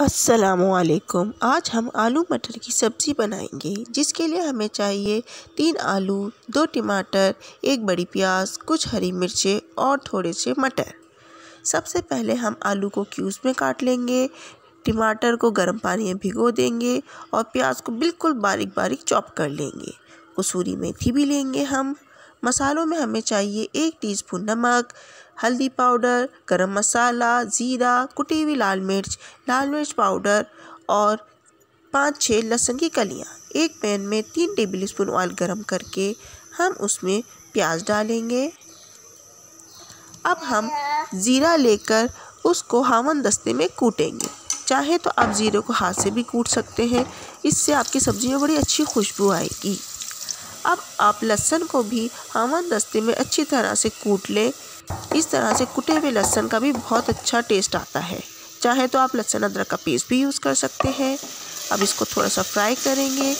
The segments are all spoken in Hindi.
असलकुम आज हम आलू मटर की सब्ज़ी बनाएंगे जिसके लिए हमें चाहिए तीन आलू दो टमाटर एक बड़ी प्याज कुछ हरी मिर्चें और थोड़े से मटर सबसे पहले हम आलू को क्यूब्स में काट लेंगे टमाटर को गर्म पानी में भिगो देंगे और प्याज को बिल्कुल बारीक बारीक चॉप कर लेंगे कसूरी मेथी भी लेंगे हम मसालों में हमें चाहिए एक टीस्पून नमक हल्दी पाउडर गरम मसाला ज़ीरा कुटी हुई लाल मिर्च लाल मिर्च पाउडर और पाँच छः लहसुन की कलियाँ एक पैन में तीन टेबल स्पून ऑयल गर्म करके हम उसमें प्याज डालेंगे अब हम ज़ीरा लेकर उसको हावन दस्ते में कूटेंगे चाहे तो आप ज़ीरे को हाथ से भी कूट सकते हैं इससे आपकी सब्ज़ी में बड़ी अच्छी खुशबू आएगी अब आप लहसन को भी आमन दस्ते में अच्छी तरह से कूट लें इस तरह से कूटे हुए लहसन का भी बहुत अच्छा टेस्ट आता है चाहे तो आप लहसन अदरक का पेस्ट भी यूज़ कर सकते हैं अब इसको थोड़ा सा फ्राई करेंगे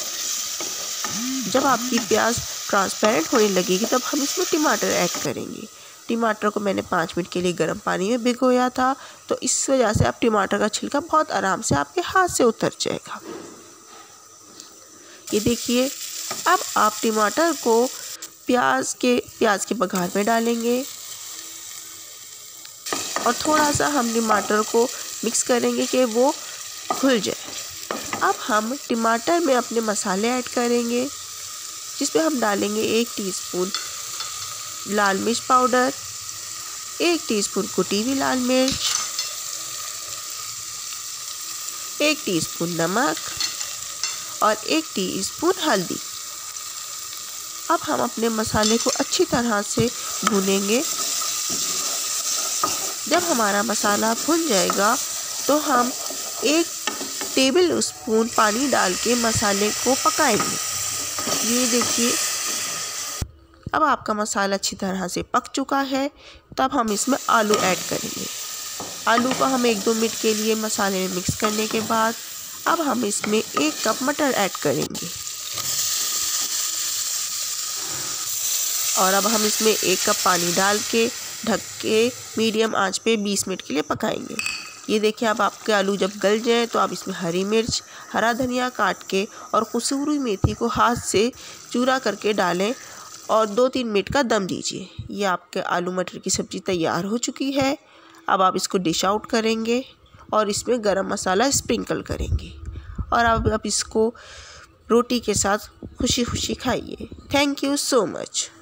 जब आपकी प्याज ट्रांसपेरेंट होने लगेगी तब हम इसमें टमाटर ऐड करेंगे टमाटर को मैंने पाँच मिनट के लिए गर्म पानी में भिगोया था तो इस वजह से आप टमाटर का छिलका बहुत आराम से आपके हाथ से उतर जाएगा ये देखिए अब आप टमाटर को प्याज के प्याज के बघार में डालेंगे और थोड़ा सा हम टमाटर को मिक्स करेंगे कि वो खुल जाए अब हम टमाटर में अपने मसाले ऐड करेंगे जिसमें हम डालेंगे एक टीस्पून लाल मिर्च पाउडर एक टीस्पून कुटी हुई लाल मिर्च एक टीस्पून नमक और एक टीस्पून हल्दी अब हम अपने मसाले को अच्छी तरह से भूनेंगे जब हमारा मसाला भुन जाएगा तो हम एक टेबल स्पून पानी डाल के मसाले को पकाएंगे ये देखिए अब आपका मसाला अच्छी तरह से पक चुका है तब हम इसमें आलू ऐड करेंगे आलू को हम एक दो मिनट के लिए मसाले में मिक्स करने के बाद अब हम इसमें एक कप मटर ऐड करेंगे और अब हम इसमें एक कप पानी डाल के ढक के मीडियम आंच पे 20 मिनट के लिए पकाएंगे ये देखिए अब आपके आलू जब गल जाए तो आप इसमें हरी मिर्च हरा धनिया काट के और कसूरी मेथी को हाथ से चूरा करके डालें और दो तीन मिनट का दम दीजिए ये आपके आलू मटर की सब्ज़ी तैयार हो चुकी है अब आप इसको डिश आउट करेंगे और इसमें गरम मसाला स्प्रिंकल करेंगे और अब आप इसको रोटी के साथ खुशी खुशी खाइए थैंक यू सो मच